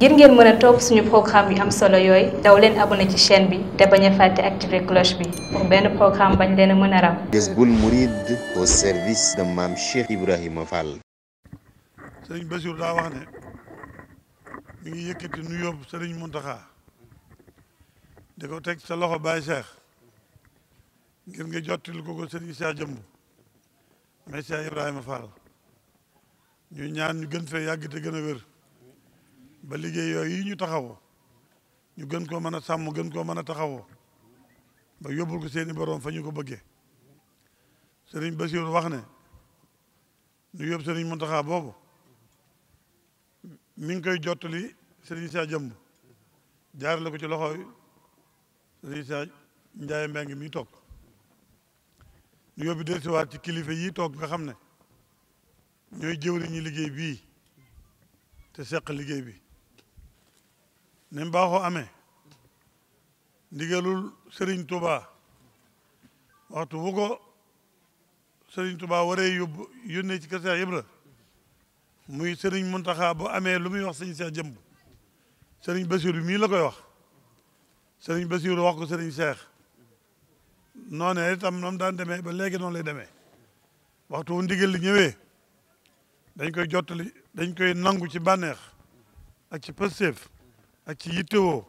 ngir ngeen mën a topp suñu programme yu am solo yooyu daw leen abonné ci chaîne bi te bañ a fàtte activer cloche bi pour benn programme bañ leen a mën a raw. Jazboul Mouride au service de maam Cheikh Ibrahima Fall. sëriñ Bassirou daa wax ne ngi yëkkati nuyoo sëriñ Mountakha di ko teg sa loxo Baye Cheikh ngir nga jottil ko ko sëriñ Cheikh Jëmb mais Cheikh Ibrahima Fall ñu ñaan ñu gën fee yàgg te gën a wér. ba liggéey yooyu ñu taxawoo ñu gën koo mën a sàmm gën koo mën a taxawoo ba yóbbul ko seeni boroom fa ñu ko bëggee sëriñ ba wax ne ñu yóbbu sëriñ Muntaxa boobu mi ngi koy jottali sëriñ Saa Jëmb ci loxooy sëriñ Saa Njaay Mbeng mi toog ñu yóbbu dellusiwaat ci kilifa yi toog nga xam ne ñooy jëwri ñi liggéey bii te seq liggéey bi ni mu baaxoo amee ndigalul sëriñ Touba waxtu bu sëriñ Serigne Touba waree yóbbu yónnee ci kër Cheikh Ibra muy sëriñ Mountakha bu amee lu muy wax Serigne Cheikh jëmb Serigne Bassirou mii la koy wax sëriñ Bassirou wax ko Serigne Cheikh noonee itam noonu daan demee ba léegi noonu lay demee waxtu wu ndigal li ñëwee dañ koy jottali dañ koy nangu ci bànneex ak ci pësteef ak ci yittewoo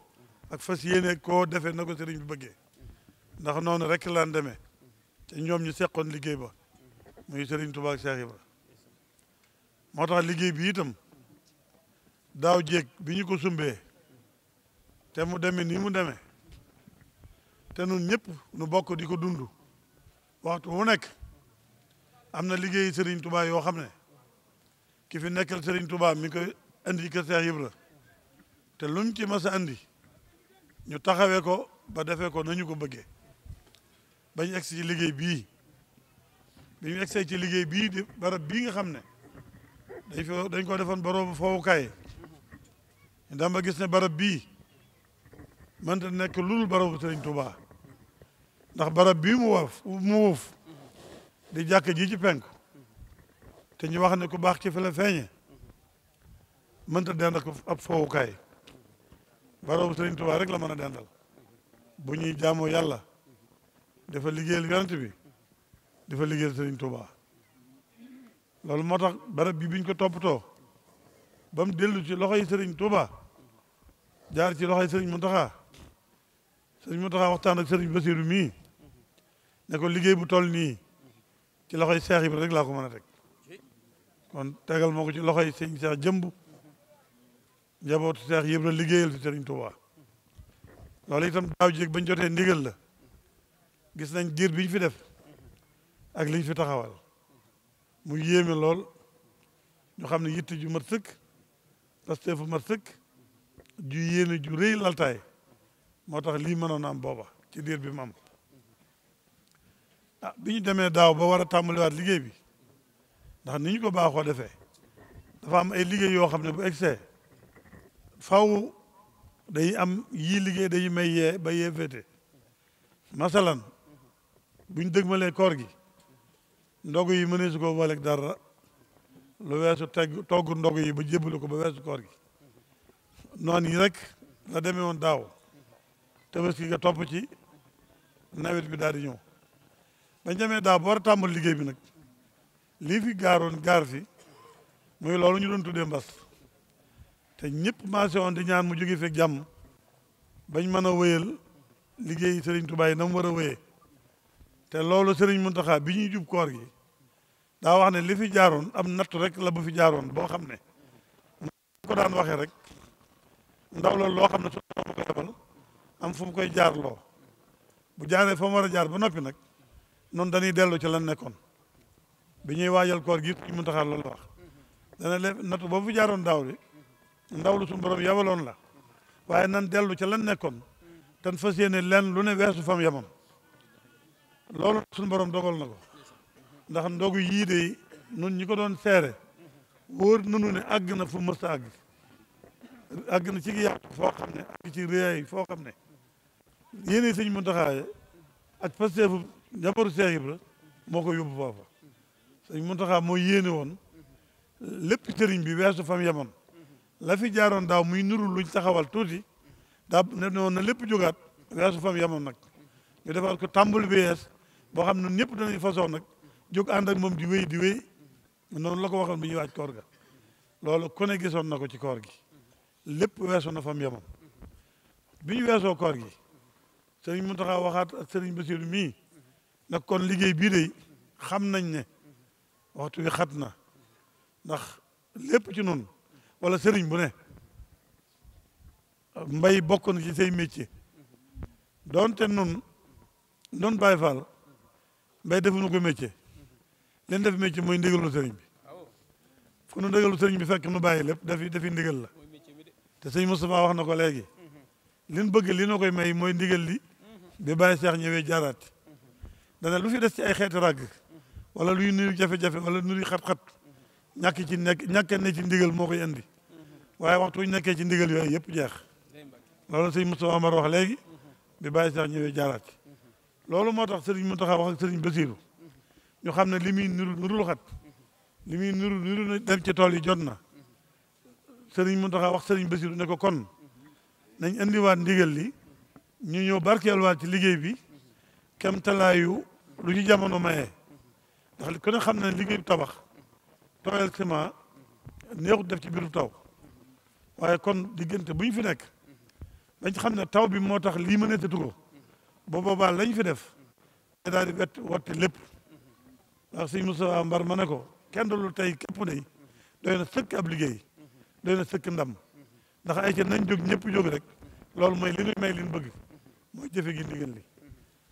ak fas yéene koo defee ko sëriñ bi bëggee ndax noonu rek laan demee te ñoom ñu seqoon liggéey ba muy sëriñ Tuubaa ak Cheikh moo tax liggéey bi itam daaw jéeg bi ñu ko sumbee te mu deme nii mu deme te nun ñëpp nu bokk di ko dund waxtu wu am na liggéey sëriñ Tuubaa yoo xam ne ki fi sëriñ Tuubaa mi ngi koy indi kër Cheikh Ibra te luñ ci mës a andi ñu taxawee ko ba defee ko nañu ko bëggee bañ egsi ci liggéey bii bi ñu egsee ci liggéey bii di barab bii nga xam ne dañ ko dañ ko defoon baroobu foowukaay ñu daan gis ne barab bii mënta nekk lul barabu Sëriñ Tuubaa ndax barab bii mu waf mu wuuf di jàkk ji ci penk te ñu wax ne ku baax ci fi la feeñe mënta dend ak ab foowukaay barabu sëriñ Tuubaa rek la mën a dendal bu ñuy jaamoo yàlla dafa liggéeyal yonent bi dafa liggéeyal sëriñ Tuubaa loolu moo tax barab bi biñ ko toppatoo ba mu dellu ci loxoy sëriñ Tuubaa jaar ci loxoy sëriñ Muntaxaa sëriñ Muntaxaa waxtaan ak sëriñ Basiiru mii ne ko liggéey bu toll nii ci loxoy Seex Ibra rek laa ko mën a teg kon tegal moo ko ci loxoy sëriñ Seex jëmb njabootu seex yëpp la liggéeyal si Serigne Touba loolu itam daaw jéeg bañ jotee ndigal la gis nañ diir biñ fi def ak liñ fi taxawal mu yéeme lool ñu xam ne yitte ju mat sëkk pasteefu mat sëkk ju yéene ju rëy laltaay moo tax lii mënoon am booba ci diir bi mu ah bi ñu demee daaw ba war a tàmbaliwaat liggéey bi ndax ni ñu ko baaxoo defee dafa am ay liggéey yoo xam ne bu egsee faw day am yii liggéey day may yee ba yee féete masalan buñ dëgmalee koor gi ndog yi mënee su ko booleeg dara lu weesu teg togg ndog yi ba jébbale ko ba weesu koor gi noon yi rek la demee woon daaw tabaski nga topp ci nawet bi daal di ñëw bañ demee daaw ba war a tàmbal liggéey bi nag lii fi gaaroon gaar fi muy loolu ñu doon tuddee mbas te ñëpp maasé woon di ñaan mu jóge fekk jàmm bañ mën a wéyal liggéey sëriñ tubaay yi na mu war a wéyee te loolu sëriñ Muntaxa bi ñuy jub koor gi daa wax ne li fi jaaroon am nattu rek la bu fi jaaroon boo xam ne ko daan waxee rek ndaw loolu loo xam ne am fu mu koy jaar loo bu jaaree fa mu war a jaar ba noppi nag noonu dañuy dellu ci la nekkoon bi ñuy waajal koor gi sëriñ Muntaxa loolu wax dana le nattu boo fi jaaroon daaw li ndaw lu suñu borom yabaloon la waaye nan dellu ca lan nekkoon tan fas yéene leen lu ne weesu fam yamam loolu suñu borom dogol na ko ndax ndogu yii de nun ñi ko doon seere wóor nanu ne àgg na fu mësta àgg àgg na ci yaatu foo xam ne àgg ci réyaay foo xam ne yéene sëñ Muntaxa ak pasteefu jabaru Seex Ibra moo ko yóbbu foofa sëñ Muntaxa moo yéene woon lépp sëriñ bi weesu fam yamam la fi jaaroon daaw muy nuru luñ taxawal tuuti daa ne noonu na lépp jógaat weesu fam yamoon nag ñu defal ko tàmbali bi yees boo xam ne ñëpp danañ façon nag jóg ànd moom di wéy di wéy noonu la ko waxoon bi ñuy waaj koor ga loolu ku gisoon na ko ci koor gi lépp weesu na fam yamoon bi ñu weesoo koor gi sëriñ taxa waxaat ak sëriñ Bassirou mii na kon liggéey bii de xam nañ ne waxtu wi xat na ndax lépp ci noonu wala sëriñ bu ne mbay bokk na ci say métier doonte nun doon Baay Faal mbay defuñu ko métier leen def métier mooy ndigalu sëriñ bi fu nu ndigalu sëriñ bi fekk nu bàyyi lépp defi dafi ndigal la te sëñ Moustapha wax na ko léegi lin bëgg li na koy may mooy ndigal li bi bàyyi seex ñëwee jaaraati dana lu fi des ci ay xeeti ràgg wala luy nuyu jafe-jafe wala nuyu xat-xat ñàkk ci ne ci ndigal moo koy indi waaye waxtu ñu nekkee ci ndigal yooyu yëpp jeex loolu sëñ Moustapha Amar wax léegi bi bàyyi sax ñëwee jaaraat loolu moo tax sëriñ Mountakha wax ak sëriñ Basiru ñu xam ne li muy nuru nurul xat li muy nuru nuru na dem ci tool yi jot na sëriñ Mountakha wax sëriñ Basiru ne ko kon nañ indiwaat ndigal li ñu ñëw barkeelwaat ci liggéey bi kem talaayu lu ñu jamono mayee ndax ku xam ne liggéey tabax tooyal climat neexut def ci biiru taw waaye kon diggante bu fi nekk dañ xam ne taw bi moo tax lii ma nettatu ko ba boobaa lañ fi def da daal di wet watte lépp ndax sëñ Moussa Mbar ma ne ko kenn lu tey képp ne doy na sëkk ab liggéey doy na sëkk ndam dax ay ca nañ jóg ñëpp jóg rek loolu mooy li nuy may li ñu bëgg mooy jëfe gi ndigal li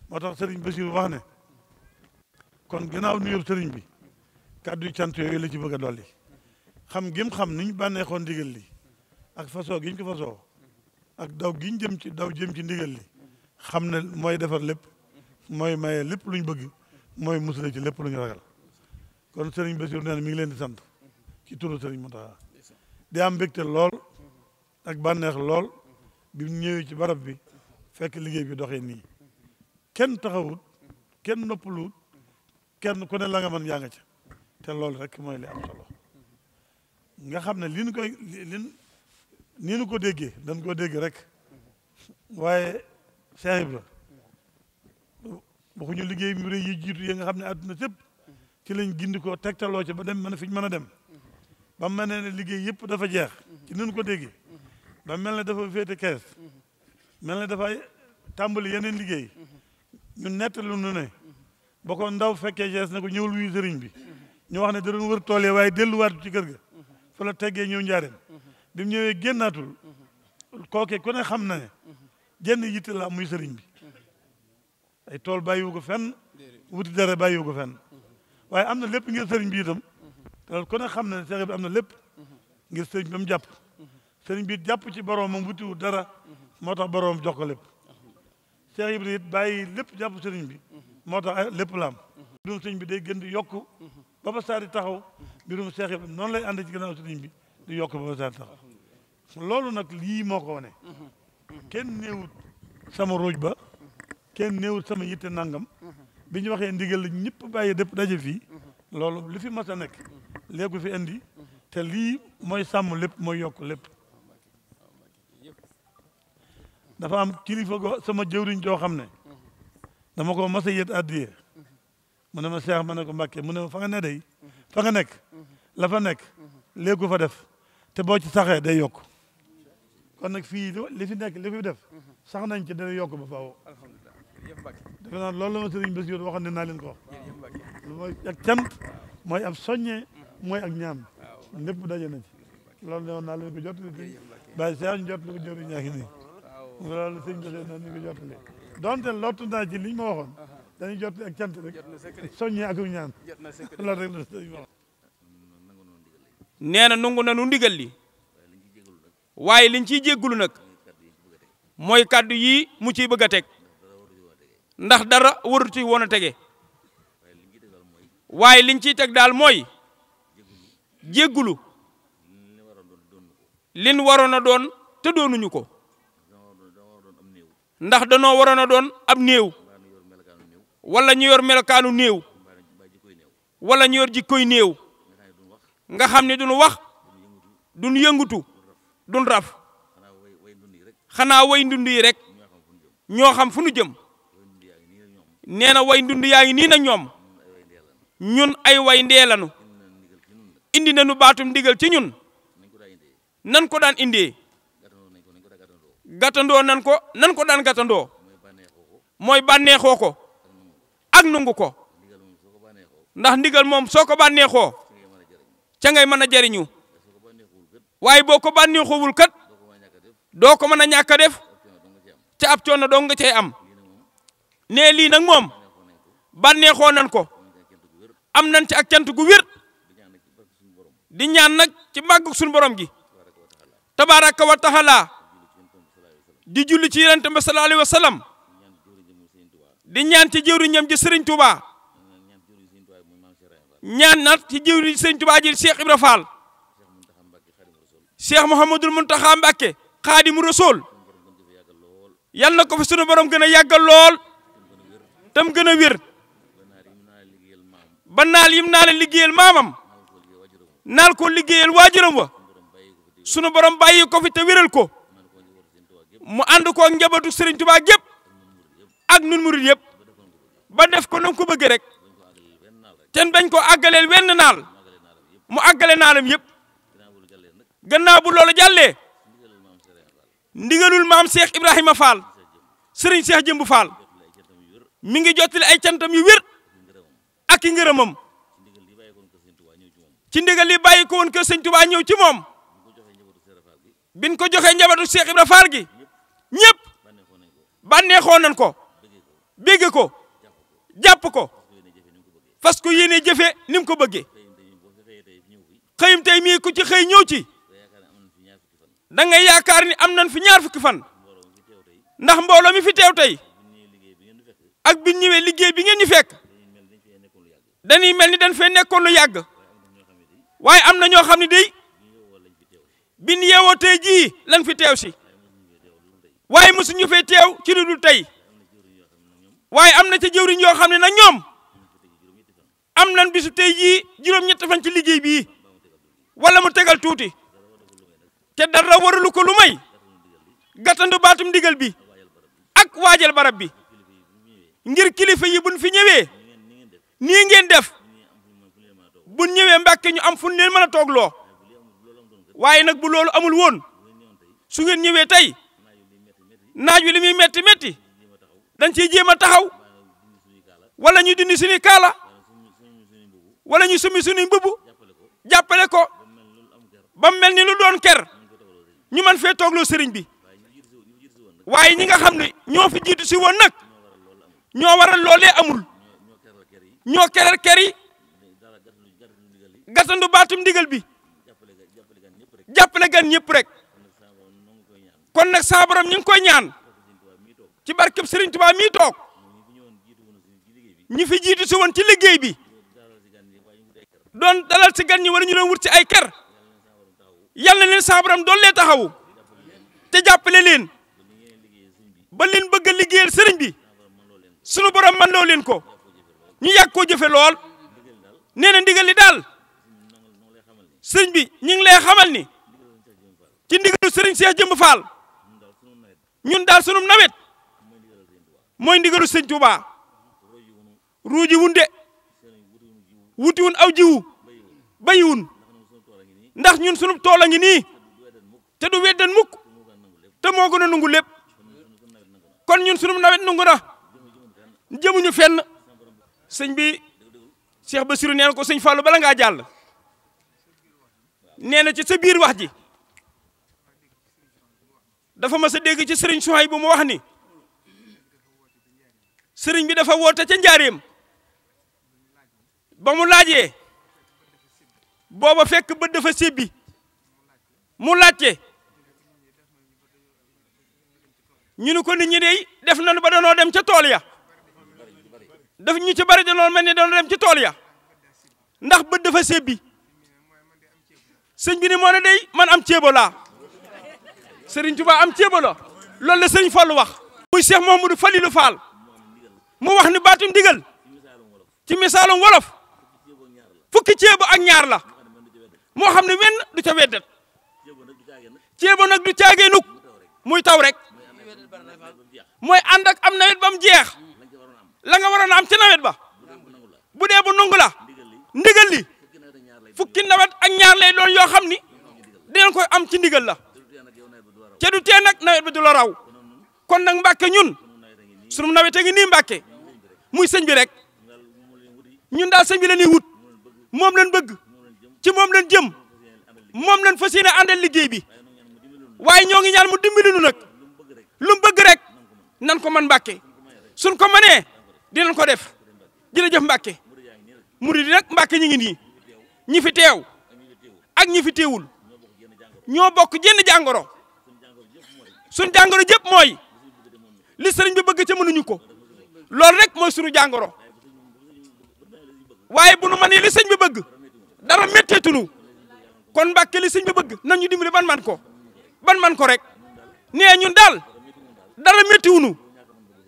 moo tax sëriñ Basiru wax ne kon ginnaaw nuyób sëriñ bi kàddu cant yooyu la ci bëgg a dolli xam gim xam ni ñu bànneexoon li ak fasoo gi ñu ko fasoo ak daw gi ñu jëm ci daw jëm ci ndigal li xam ne mooy defar lépp mooy maye lépp luñ ñu bëgg mooy musale ci lépp lu ñu ragal kon Serigne Bassirou nee na mi ngi leen di sant ci turu Serigne Mountakha di am mbégte lool ak bànneex lool bi mu ci barab bi fekk liggéey bi doxee ni ken taxawut kenn noppaluwut kenn ku ne la nga mën yaa ca te loolu rek mooy li am solo nga xam ne li ñu koy li ni ko déggee dañ ko dégg rek waaye Cheikh Ibra waxuñu liggéey bi rek yi jiitu yi nga xam ne àdduna sépp ci lañ gindi ko tegtaloo ci ba dem mën a fiñ mën a dem ba mel ne liggéey yëpp dafa jeex ci ko déggee mel ne dafa féete kees mel ne dafa tàmbali yeneen liggéey ñu nettalu nu ne ba ko ndaw fekkee jees ne ko ñëwul wuyu sëriñ bi ñu wax ne da doon wër tool yi waaye delluwaatu ci kër ga fa la teggee ñëw njaareem bi mu ñëwee génnaatul kooke ku xam na ne jenn yitte la muy sëriñ bi ay tool bàyyiwu ko fenn wuti dara bàyyiwu ko fenn waaye am na lépp ngir sëriñ bi itam xam na ne bi am na lépp ngir am jàpp sëriñ bi jàpp ci boroomam wutiwu dara moo tax boroom jox ko lépp seex yi it bàyyi lépp jàpp sëriñ bi moo tax lépp la am. dund sëriñ bi day gën di yokk Papa Sarr taxaw mbirum Seex Ibrahima noonu lay ànd ci gannaaw sëriñ bi di yokk Papa Sarr taxaw loolu nag lii moo ko wane kenn néewut sama ruuj ba kenn néewut sama yitte nangam bi ñu waxee ndigal la ñëpp bàyyi dépp daje fii loolu li fi mas a nekk léegu fi indi te lii mooy sàmm lépp mooy yokk lépp dafa am kilifa ko sama jëwriñ joo xam ne dama ko mas a yët mu ne ma seex ma ne ko mbàkke mu ne ma fa nga ne day fa nga nekk la fa nekk léegu fa def te boo ci saxee day yokk kon nag fii li nekk li fi def sax nañ ci dana yokk ba faaw defe naa loolu la ma sëriñ bés yoon waxoon ne ko na ci loolu ne woon ko jottali ti bàyyi seex ñu jottali ko jori ñaaki nii loolu sëriñ bés yoon naa leen ko ma waxoon dañuy jot ak cant rek soññee ak ñaan loolu rek la nee na nangu na nu ndigal li waaye liñ ciy jéggulu nag mooy kàddu yii mu ciy bëgg a teg ndax dara waruti woon a tege waaye liñ ciy teg daal mooy jéggulu liñ waroon a doon te doonuñu ko ndax danoo waroon a doon am néew wala ñu yor melokaanu néew wala ñu yor jikkoy néew nga xam ne duñu wax duñu yëngutu duñ raf xanaa way ndund yi rek ñoo xam fu nu jëm nee na way ndund yaa ngi nii na ñoom ñun ay way ndee lanu indi nañu baatum ndigal ci ñun nan ko daan indee gàttandoo nan ko nan ko daan gàttandoo mooy bànneexoo ko nangu ko ndax ndigal moom soo ko bànneexoo ca ngay mën a jariñu waaye boo ko bànneexoowul kat doo ko mën a ñàkk a def ca ab coono dong nga cay am ne lii nag moom bànneexoo nan ko am nañ ci ak cant gu wér di ñaan nag ci mag suñu borom gi tabaaraka wa taala di julli ci yonent bi sallallahu alayhi wa sallam di ñaan ci jëwriñam ji sëriñ Touba ñaan nat ci jëwriñ sëriñ Touba ji Cheikh Ibra Fall Cheikh Mouhamadul Mountakha Mbacké Xaadimu Rasuul yal na ko fi sunu borom gën a yàggal lool tam gën a wér ba naal yim naa la liggéeyal maamam naal ko liggéeyal waajuram wa sunu borom bàyyi ko fi te ko mu ànd koo njabootu ak nun murid yëpp ba def ko na ko bëgg rek ten bañ ko àggaleel wenn naal mu àggale naalam yëpp gannaaw bu loolu jàllee ndigalul maam Cheikh Ibrahima Fall sëriñ Cheikh Jëmbu Fall mi ngi jottali ay cantam yu wér ak i ngërëmam ci ndigal li bàyyi ko woon kër sëñ Tuubaa ñëw ci moom biñ ko joxee njabootu Cheikh Ibrahima Fall gi ñëpp bànneexoo nañ ko bégg ko jàpp ko fas ko yéene jëfe ni mu ko bëggee xëyum tey mii ko ci xëy ñëw ci da ngay yaakaar ni am nañ fi ñaar fukki fan ndax mbooloo mi fi teew tey ak bi ñëwee liggéey bi ngeen ñu fekk dañuy mel ni dañ fee nekkoon lu yàgg waaye am na ñoo xam ne day bi ñu yeewoo tey jii lan fi teew si waaye mosuñu ñëfee teew ci lu dul tey waaye am na ca jëwriñ yoo xam ne nag ñoom am nañ bisu tey jii juróom-ñett fan ci liggéey bi wala mu tegal tuuti te dara waralu ko lu may gàttandu baatum ndigal bi ak waajal barab bi ngir kilifa yi buñ fi ñëwee nii ngeen def buñ ñëwee Mbàkke ñu am fu ñu leen mën a loo waaye nag bu loolu amul woon su ngeen ñëwee tey naaj wi li muy metti metti dañ ciy jéem a taxaw wala ñu dindi suñuy kaala wala ñu sumi suñuy mbubu jàppale ko ba mel ni lu doon ker ñi man fee toogloo sëriñ bi waaye ñi nga xam ne ñoo fi jiitu si woon nag ñoo waral loolee amul ñoo keral ker yi gàttandu baatum ndigal bi jàppale gan ñëpp rek kon nag saa borom ñu ngi koy ñaan ci barkeb Serigne Touba mii toog ñi fi jiitu si woon ci liggéey bi doon dalal si gan ñi wala ñu doon wut si ay kër yàlla na leen saabaram doon lee taxawu te jàppale leen ba leen bëgg a liggéeyal sëriñ bi sunu borom man loo leen ko ñu yàgg koo jëfe lool nee na ndigal li daal sëriñ bi ñu ngi lay xamal ni ci ndigalu sëriñ Cheikh Jëmb Fall ñun daal sunum nawet moy ndigal seigne touba ruuji wunde wuti wun aw jiwu bayi won ndax ñun suñu tola ngi ni te du wedden mukk te mo gëna nungu lepp kon ñun suñu nawet nungu na ñu fenn seigne bi Cheikh basirou neen ko seigne fallu bala nga jall neena ci sa biir wax ji dafa ma sa dégg ci souhay bu mu wax ni sëriñ bi dafa woote ca njaareem ba mu laajee booba fekk bët dafa sébbi mu laajte ñu ni ko ni ñi dey def nañu ba danoo dem ca tool ya daf ñu ci bari danoo mel ni danoo dem ca tool ya ndax bët dafa sébbi sëñ bi ni moo ne dey man am ceebo laa sëriñ Tuubaa am ceebo la loolu la sëñ fol wax muy Cheikh Mouhamadou Falilou Fall mu wax ni baatum ndigal ci misaalum wolof fukki ceebu ak ñaar la moo xam ne wenn du ca weddat ceebu nag du caageenuk muy taw rek mooy ànd ak am nawet ba mu jeex la nga waroon a am ci nawet ba bu dee bu nungu la ndigal li fukki nawet ak ñaar lay doon yoo xam ni dinañ koy am ci ndigal la ca du tee nag nawet bi du la raw kon nag Mbàkke ñun sunu nawete ngi nii Mbàkke muy sëñ bi rek ñun daal sëñ bi la ñuy wut moom lañ bëgg ci moom lañ jëm moom lañ fas yéene àndal liggéey bi waaye ñoo ngi ñaan mu dimbali nu nag lu mu bëgg rek nan ko man Mbàkke suñ ko di dinañ ko def jërëjëf Mbàkke murid yi nag Mbàkke ñu ngi nii ñi fi teew ak ñi fi teewul ñoo bokk jenn jàngoro suñ jàngoro jëpp mooy li sëriñ bi bëgg ca mënuñu ko loolu rek mooy sunu jàngoro waaye bu nu mënee li sëñ bi bëgg dara métteetunu kon mbàkke li sëñ bi bëgg nañu dimbali ban man ko ban man ko rek nee ñun daal dara méttiwunu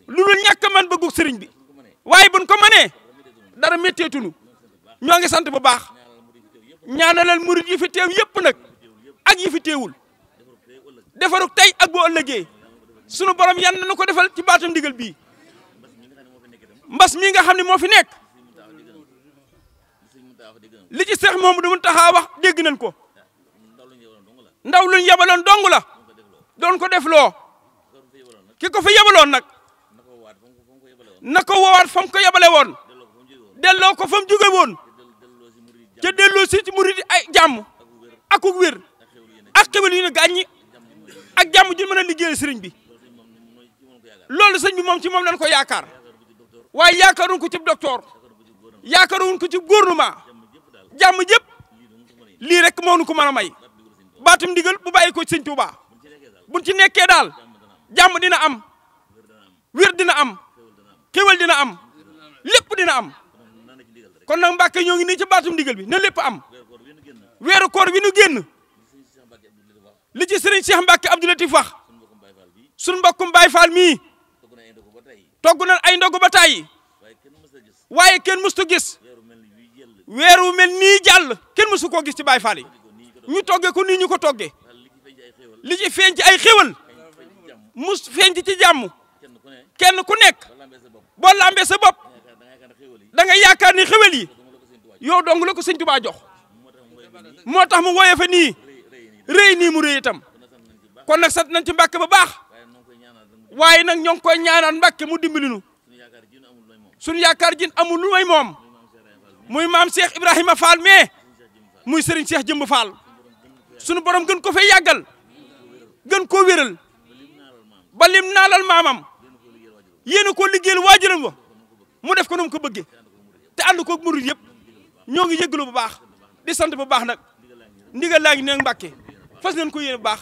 lu lu ñàkk man bëggu sëriñ bi waaye buñ ko mënee dara métteetunu ñoo ngi sant bu baax ñaanalal murid yi fi teew yëpp nag ak yi fi teewul defaruk tey ak boo ëllëgee sunu borom yan na ko defal ci baatam ndigal bii mbas mii nga xam ne moo fi nekk li ci seex moom du mun taxaa wax dégg nañ ko ndaw luñ yebaloon dong la doon ko def loo ki ko fa yebaloon nag na ko woowaat fa mu ko yebale woon delloo ko fa mu jóge woon ca delloo si ci murid ay jàmm akuk wér ak xewal yu ne gàññi ak jàmm ju mën a liggéeyal sëriñ bi loolu sëñ bi moom ci moom lañ ko yaakaar waaye yaakaaruñ ko cib ci docteur yaakaaruñ ko ci gouvernement jàmm jëpp lii rek moo nu ko mën a may baatum ndigal bu bàyyi ko sëñ Touba buñ ci nekkee daal jàmm dina am wér dina am xéwal dina am lépp dina am kon nag Mbàkke ñoo ngi nii ci baatum ndigal bi na lépp am weeru koor wi nu génn li ci sëriñ Cheikh Mbacke Abdou Latif wax suñu mbokkum Baye Fall mii togg na ay ndogu ba tàyyi waaye kenn mësu gis weer wu mel nii jàll kenn mësu koo gis ci Baay Faal yi ñu toggee ko nii ñu ko toggee li ci feeñ ci ay xéwal mus feeñ ci ci jàmm kenn ku nekk boo lambee sa bopp da nga yaakaar ni xéwal yi yow dong la ko sëñ Tuubaa jox moo tax mu wooyee fa nii rëy nii mu rëy itam kon nag sant nañ ci Mbàkke ba baax waaye nag ñoo ngi koy ñaanal Mbàkke mu dimbali nu suñu yaakaar jin amul lu may moom muy maam seex Ibrahima Fall mais muy Serigne Cheikh Jëmb Fall sunu borom gën ko fay yàggal gën koo wéral ba lim naalal maamam yéen a ko liggéeyal waajuram wa mu def ko nu mu ko bëggee te ànd ko murid yëpp ñoo ngi yëglu bu baax di sant bu baax nag ndigal laa ngi ne Mbàkke fas leen ko yéene bu baax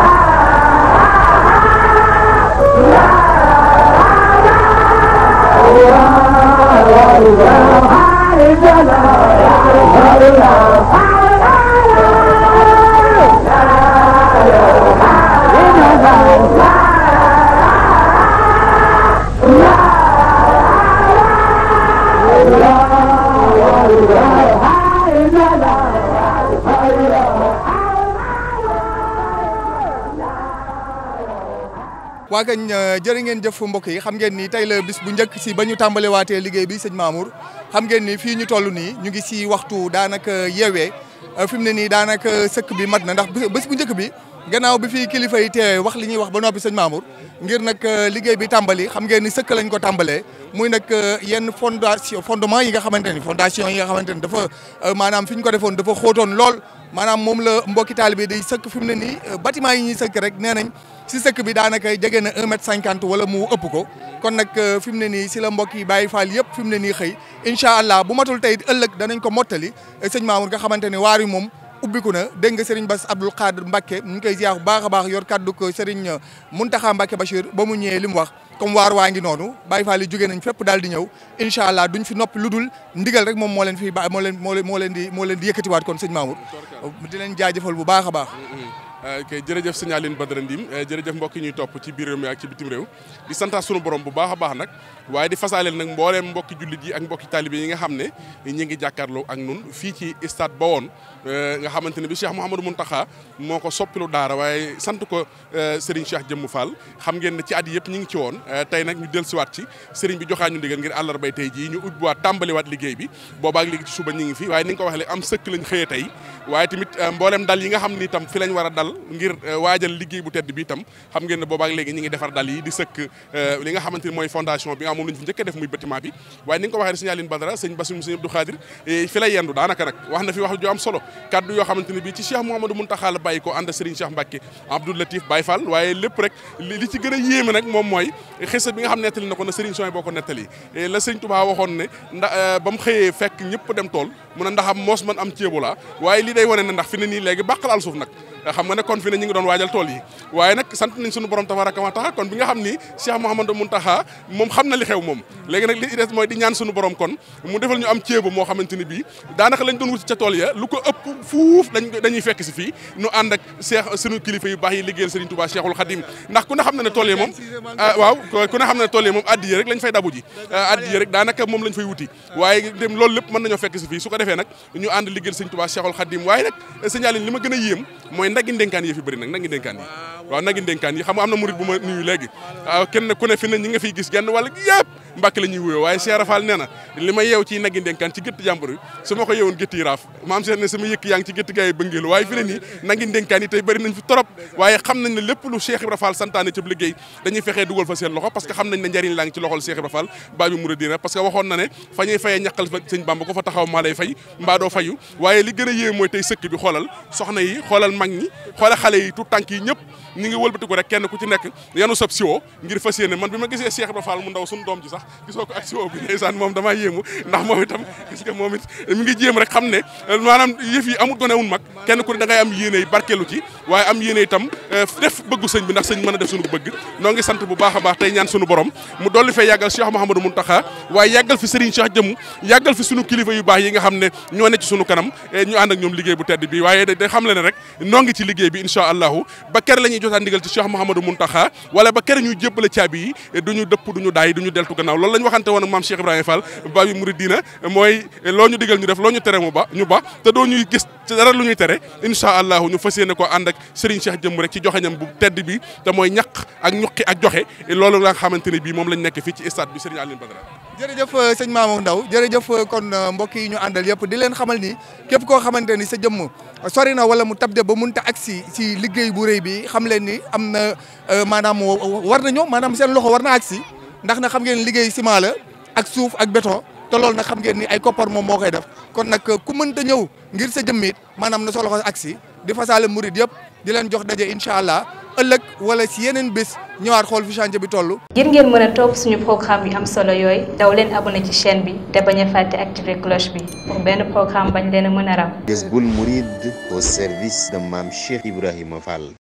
Hallelujah, hallelujah, hallelujah. waa kañ euh, jërë ngeen jëf mbokk yi xam ngeen ni tey la bis bu njëkk si ba ñu tàmbalewaatee liggéey bi sëñ Mamour xam ngeen ni fii ñu nii ñu ngi si waxtu daanaka yeewee euh, fi mu ne nii daanaka sëkk bi mat na ndax bés bu bi gannaaw bi fi kilifa yi teewee wax li ñuy wax ba noppi seigne Mamour ngir nak liggéey bi tàmbali xam ngeen ni sëkk lañ ko tambalé muy nak yenn fondation fondement yi nga xamanteni fondation yi nga xamanteni dafa manam fiñ ko defoon dafa xóotoon lool manam mom la mbokki taalibe day sëkk fi mu ne nii bâtiment yi ñi sëkk rek nenañ ci si sëkk bi daanaka jégué na un mètre cinquante wala mu ëpp ko kon nak fi mu ne nii si la mbokk yi bàyyi faal yëpp fi mu ne nii xëy inshallah bu matul tey ëllëg danañ ko motali seigne Mamour nga xamanteni waari mom ubbiku na dégg nga Serigne Bass Abdoul Khadr Mbacke mu ngi baax a baax yor kaddu ko Serigne euh, Mountakha Mbacke Bachir ba mu ñëwee li mu wax comme waar waa ngi noonu Baye Fall yi jógee nañ fépp daal di ñëw incha allah duñ fi noppi lu dul ndigal rek moom moo leen fi ba moo leen moo moo leen di moo leen di yëkkatiwaat kon sëñ Mamour di leen jaajëfal bu baax a baax mm-hmm. euh, ok jërëjëf sëñ Aline Badara Ndim euh, jërëjëf mbokk yi ñuy topp ci biir réew mi ak ci bitim réew di santaa sunu borom bu baax a baax na waaye di fasaaleel nag mbooleem mbokki jullit yi ak mbokki taalibe yi nga xam ne ñu ngi jàkkaarloo ak nun fii ci stade Bawoon euh, nga xamante ne bi Cheikh Mouhamadou Mountakha moo ko soppilu daara waaye sant ko euh, Serigne Cheikh Jëmm Fall xam ngeen ne ci at yëpp ñu ngi ci woon euh, tey nag ñu dellusiwaat ci Serigne bi joxaa ñu ndigal ngir àllarbay tey jii ñu ubbiwaat tàmbaliwaat liggéey bi boobaak léegi ci suba ñu ngi fi waaye ni nga ko waxee am sëkk lañ xëyee tey waaye tamit mbooleem dal yi nga xam ne itam fi lañ war a dal ngir waajal liggéey bu tedd bi itam xam ngeen ne boobaak léegi ñu ngi defar dal yi di sëkk li nga xamante ne mooy fondation bi moom lañ fi njëkk def muy bâtiment bi waaye ni nga ko waxee sëñ Aline Badara sëñ basim sëñ Abdou Khadir fi lay yendu daanaka nag wax na fi wax ju am solo kaddu yo xamanteni bi ci Cheikh mohamadou Mountakha la bayiko ànd Serigne Cheikh Mbacke Abdou Latif Baye Fall waye lépp rek li ci gëna a nak mom moy mooy bi nga xam netali nako na Serigne Soy boko netali nettali la Serigne Touba waxon ne bam xeyé mu fekk ñëpp dem tol mu na ndax am moos man am ceebu laa waaye lii day wone ne ndax fi ni nii léegi al suuf nak xam nga ne kon fi ne ñu ngi doon waajal tool yi waaye nag sant nañ sunu borom tabaraka wa taala kon bi nga xam ni Cheikh Mouhamadou muntaha moom xam na li xew moom léegi nag li des mooy di ñaan sunu borom kon mu defal ñu am ceeba moo xamante ni bii daanaka lañ doon wuti ca tool ya lu ko ëpp fuuf dañuy fekk si fii nu ànd ak Cheikh sunu kilifa yu baax yi liggéeyal Serigne Touba Cheikhul Khadim ndax ku ne xam na ne tool yi ya moom ah, waaw ku ne xam na ne tool yi ya moom rek lañ fay dabu ji ah, addiye rek daanaka moom lañ fay wuti waaye dem loolu lépp mën nañoo fekk si fii su ko defee nag ñu ànd liggéeyal Serigne Touba Cheikhul Khadim waaye nag li ma gën a yéem nagi ndénkaan yi fi bëri nag nagi ndénkaan yi waaw nagi ndénkaan yi xam nga am na murit bu ma nuyu léegi waaw kenn ku ne fi ne ñi nga fiy gis genn wàll yëpp Mbàkke la ñuy wuyoo waaye Cheikh Rafal nee na li ma yeew ci naggi ndenkaan ci gëtt jàmbur yi su ma ko yeewoon gëtt yi raaf maam Cheikh ne sama yëkk yaa ci gëtt gaa yi bëngeelu waaye fi ne nii naggi ndenkaan yi tey bëri nañ fi torop waaye xam nañ ne lépp lu Cheikh Ibra Fall santaane cëb liggéey dañuy fexee dugal fa seen loxo parce que xam nañ ne njariñ laa ci loxol Cheikh Ibra fa taxaw maa lay fay mbaa fayu waaye li gën a yéeme mooy tey sëkk bi xoolal soxna yi xoolal mag ku nekk yanu sab siwo ngir fas baax gisoo ko ak si woo bi moom damaa yéemu ndax moom itam gis nga ngi jéem rek xam ne euh, maanaam yëf yi amut gone wun mag kenn ku ne da ngay am yéene barkeelu ci waaye am yéene itam euh, def bëggu sëñ bi ndax sëñ mën a def sunu bëgg noo ngi sant bu baax baax tey ñaan sunu borom mu dolli fee yàggal Cheikh Mouhamadou Mountakha waaye yàggal fi Serigne Cheikh jëmu yàggal fi sunu kilifa yu baax yi nga xam ne ñoo ne ci sunu kanam euh, ñu ànd ak ñoom liggéey bu tedd bi waaye day xam le ne rek noo ngi ci liggéey bi incha la ñuy jotaan ndigal ci Cheikh Mouhamadou Mountakha wala ba kër ñu jébbale gannaaw loolu la waxante woon ak maam Cheikh Ibrahima Fall Baye Mouridina mooy loo ñu digal ñu def loo ñu tere mu ba ñu ba te doo ñuy gis dara lu ñuy tere incha allahu ñu fas yéene ko ànd ak Serigne Cheikh jëmm rek ci joxeñam bu tedd bi te mooy ñaq ak ñuqi ak joxe loolu la nga xamante ne bii moom lañ nekk fii ci stade bi Serigne Alioune Badara jërëjëf euh, sëñ Mamadou Ndaw jërëjëf euh, kon euh, mbokk yi ñu àndal yëpp di leen xamal ni képp koo xamante ni sa jëmm sori na wala mu tabde ba mënta agsi si liggéey bu rëy bi xam leen ni am na maanaam war na ñoom maanaam seen loxo war na agsi ndax na xam ngeen liggéey ciment la ak suuf ak béton te loolu nag xam ngeen ni ay koppar moom moo koy def kon nag ku mënta ñëw ngir sa jëmmit maanaam na solo ko agsi di fasaale murid yëpp di leen jox daje incha allah ëllëg wala si yeneen bés ñëwaat xool fi chantier bi toll. ngir ngeen mën a topp suñu programme yu am solo yooy daw leen abonné ci chaîne bi te bañ a fàtte activer cloche bi pour benn programme bañ leen a mën a ram Jazboul Mouride au service de Mame Cheikh Ibrahima Fall.